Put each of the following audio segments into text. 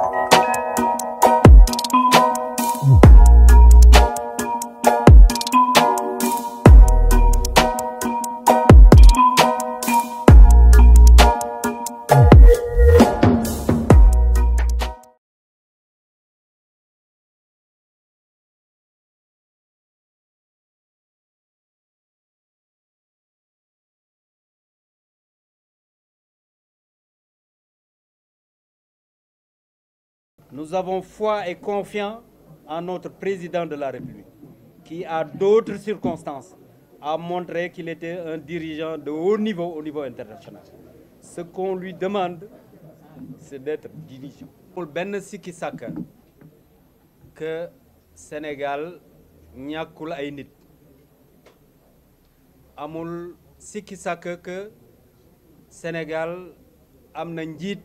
Thank you. Nous avons foi et confiance en notre président de la République, qui, à d'autres circonstances, a montré qu'il était un dirigeant de haut niveau au niveau international. Ce qu'on lui demande, c'est d'être dirigeant. Pour benn sikki sakk que Sénégal ñàkkul ay nit amul sikki sàkka que Sénégal am na njiit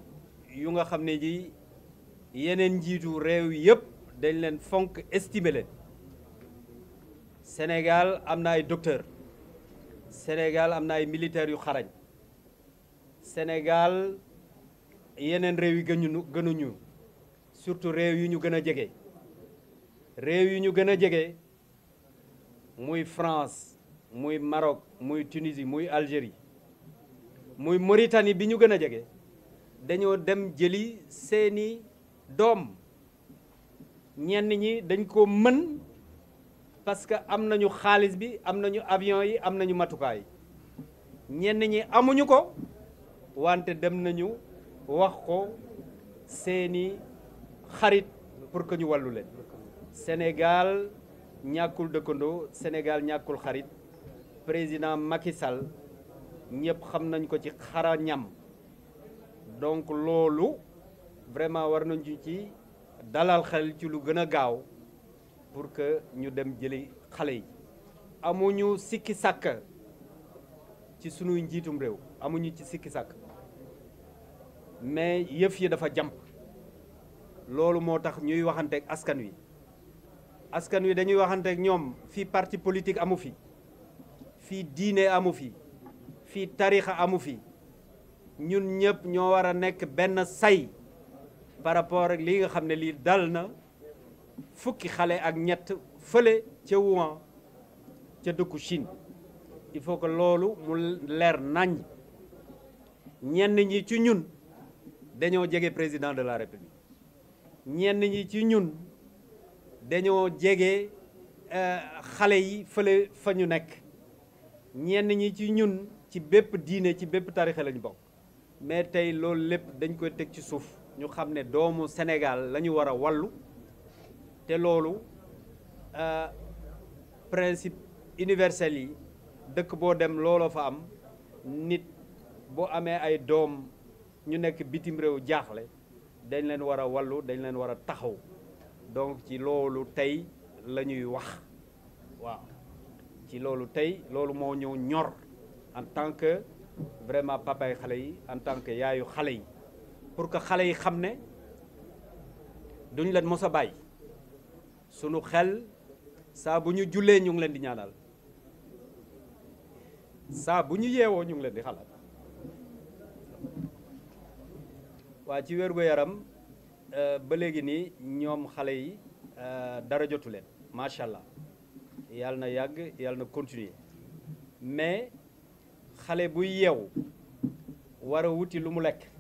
yu nga xam ne ji yeneen njiitu réew yëpp dañ leen fonk estimé leen Sénégal am na ay docteur Sénégal am na ay militaires yu xarañ Sénégal yeneen réew yi gënuñu ñuul surtout réew yu ñu gën a jege réew yu ñu gën a jege muy France muy Maroc muy Tunisie muy Algérie muy Mauritanie bi ñu gën a jege dañoo dem jëli seeni doom ñenn ñi dañ ko mën parce que am nañu xaalis bi am nañu avion yi am nañu matukaay ñenn ñi amuñu ko wante dem nañu wax ko seeni xarit pour que ñu wàllu ñàkkul dëkkandoo Sénégal ñàkkul xarit président Macky Sall ñëpp xam nañ ko ci xarañam donc loolu vraiment war nañ ci dalal xel ci lu gën a gaaw pour que ñu dem jëli xale yi amuñu sikki sàkk ci sunuy njiitum réew amuñu ci sikki sàkk mais yëf yi dafa jàmp loolu moo tax ñuy waxanteeg askan wi askan wi dañuy waxanteeg ñoom fii parti politique amu fi fii diine amu fi fii tarixa amu fi ñun ñëpp ñoo war a nekk benn say par rapport ak lii nga xam ne lii dal na fukki xale ak ñett fële ca Wuhan ca dëkku Chine il faut que loolu mu leer nàññ ñenn ñi ci ñun dañoo jege président de la république ñenn ñi ci ñun dañoo jege euh, xale yi fële fa ñu nekk ñenn ñi ci ñun ci bépp diine ci bépp tarixa lañu bokk mais tey loolu lépp dañ koy teg ci suuf ñu xam ne doomu Sénégal la ñu war a wallu te loolu euh, principe universel yi dëkk boo dem looloo fa am nit boo amee ay doom ñu nekk bitim réew jaaxle dañ leen war a wallu dañ leen war a taxaw donc ci loolu tey la ñuy wax waaw ci loolu tey loolu moo ñëw ñor en tant que vraiment papay xale yi en tant que yaayu xale yi pour que xale yi xam ne duñ leen mos a bàyyi sunu xel saa bu ñu jullee ñu ngi leen di ñaanal saa bu ñu yeewoo ñu ngi leen di xalaat waa ci wér-gu-yaram euh, ba léegi nii ñoom xale yi euh, dara jotu leen macha allah yàlla na yàgg yàlla na continuer mais xale buy yeew war a wuti lu mu lekk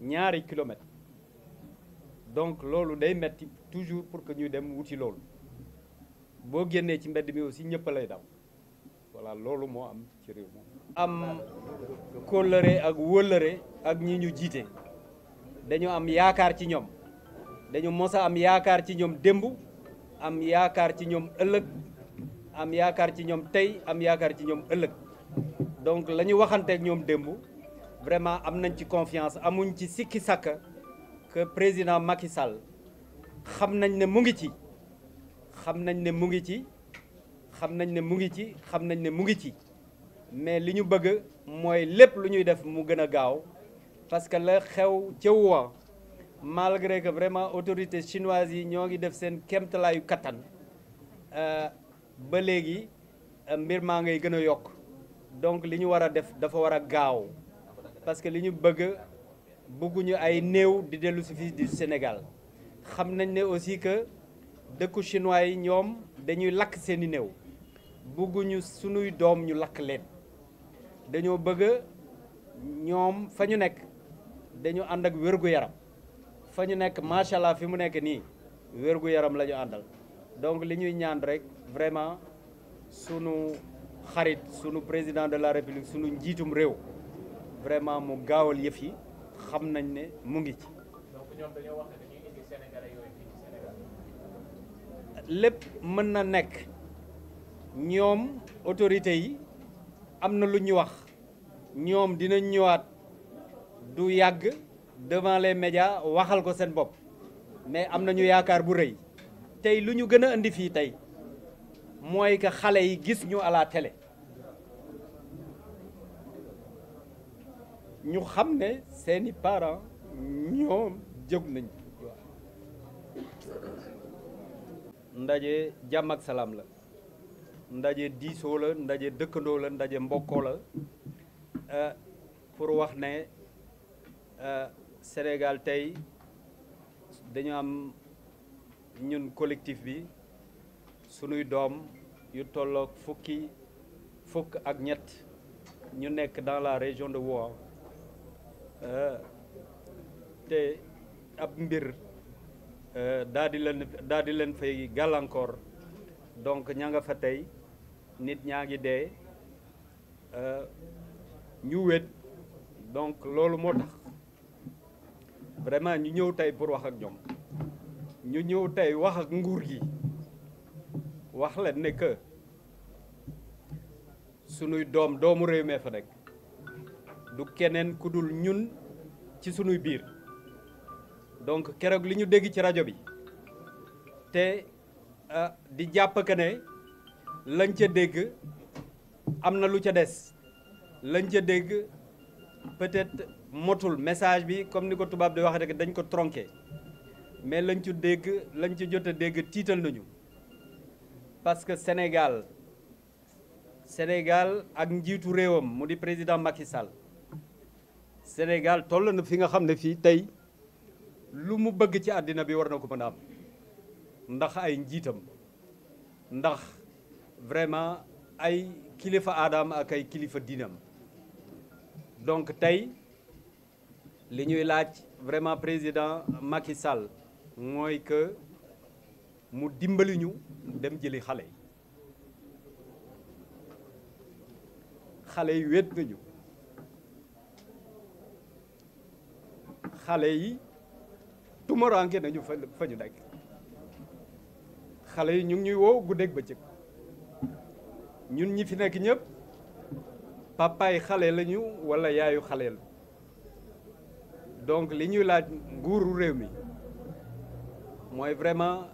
ñaari kilomètre donc loolu day metti toujours pour que ñuy dem wuti loolu boo génnee ci mbedd mi aussi ñëpp lay dam voilà loolu moo am ci réew moom am kóllëre ak wóllëre ak ñii ñu jiite dañu am yaakaar ci ñoom dañu mos am yaakaar ci ñoom démb am yaakaar ci ñoom ëllëg am yaakaar ci ñoom tey am yaakaar ci ñoom ëllëg donc la waxante waxanteeg ñoom démb vraiment am nañ ci confiance amuñ ci sikki sàkka que président Macky Sall xam nañ ne mu ngi ci xam nañ ne mu ngi ci xam nañ ne mu ngi ci xam nañ ne mu ngi ci mais li ñu bëgg mooy lépp lu ñuy def mu gën a gaaw parce que la xew ca Wuhan malgré que vraiment autorités chinoises yi ñoo ngi def seen kéemtalaayu kattan euh, ba léegi mbir maa ngay gën a yokk donc li ñu war a def dafa war a gaaw parce que li ñu bëgg bëgguñu ay néew di dellu si fii du Sénégal xam nañ ne aussi que dëkku chinois yi ñoom dañuy lakk seeni néew bëgguñu sunuy doom ñu lakk leen dañoo bëgg ñoom fa ñu nekk dañu ànd ak wér-gu-yaram fa ñu nekk macha allah fi mu nekk nii wér-gu-yaram la ñu àndal donc li ñuy ñaan rek vraiment sunu xarit sunu président de la république sunu njiitum réew vraiment mu gaawal yëf yi xam nañ ne mu ngi ci. lépp mën na nekk ñoom autorité yi am na lu ñu wax ñoom dinañ ñëwaat du yàgg devant les waxal ko seen bopp mais am nañu yaakaar bu rëy tey lu ñu gën a indi fii tey mooy que xale yi gis ñu à ñu xam ne seeni parent ñoom jóg nañ ndaje jàmm ak salaam la ndaje diisoo la ndaje dëkkandoo la ndaje mbokkoo la euh, pour wax ne euh, Sénégal tey dañu am ñun collectif bi sunuy doom yu tolloog fukki fukk ak ñett ñu nekk dans la région de Wuhan te ab mbir e, daa di leen daa leen fay gàllankoor donc ña nga fa tey nit ñaa ngi dee e, ñu wét donc loolu moo tax vraiment ñu ñëw tey pour wax ak ñoom ñu ñëw tey wax ak nguur gi wax leen ne que sunuy doom doomu réew mee fa nekk du keneen ku dul ñun ci sunuy biir donc keroog li ñu dégg ci rajo bi te euh, di jàpp que ne lañ ca dégg am na lu ca des lañ ca dégg peut-être motul message bi comme ni ko tubaab di wax rek dañ ko tronqué mais lañ ci dégg lañ ci jot a dégg tiital nañu parce que Sénégal Sénégal ak njiitu réewam mu di président Macky Sall Sénégal toll na fi nga xam ne fii tey lu mu bëgg ci àddina bi war na ko mën a am ndax ay njiitam ndax vraiment ay kilifa aadam ak ay kilifa diinam donc tey li ñuy laaj vraiment président Macky Sall mooy que mu dimbali ñu dem jëli xale yi xale yi wéet nañu. xale yi tumaranke nañu fa fa ñu nekk xale yi ñu ngi ñuy woo guddeeg bëccëg ñun ñi fi nekk ñëpp papaay xale lañu walla yaayu xale la donc li ñuy laaj nguuru réew mi mooy vraiment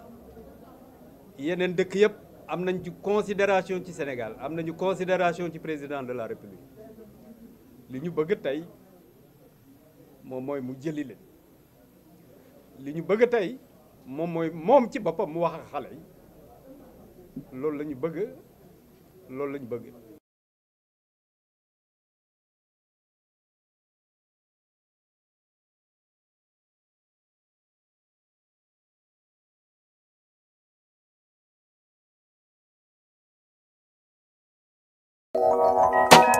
yeneen dëkk yëpp am nañ ci considération ci Sénégal am nañu considération ci président de la République li ñu bëgg tey moom mooy mu jëlile li ñu bëgg tey moom mooy moom ci boppam mu wax ak xale yi loolu lañu ñu bëgg loolu la ñu bëgg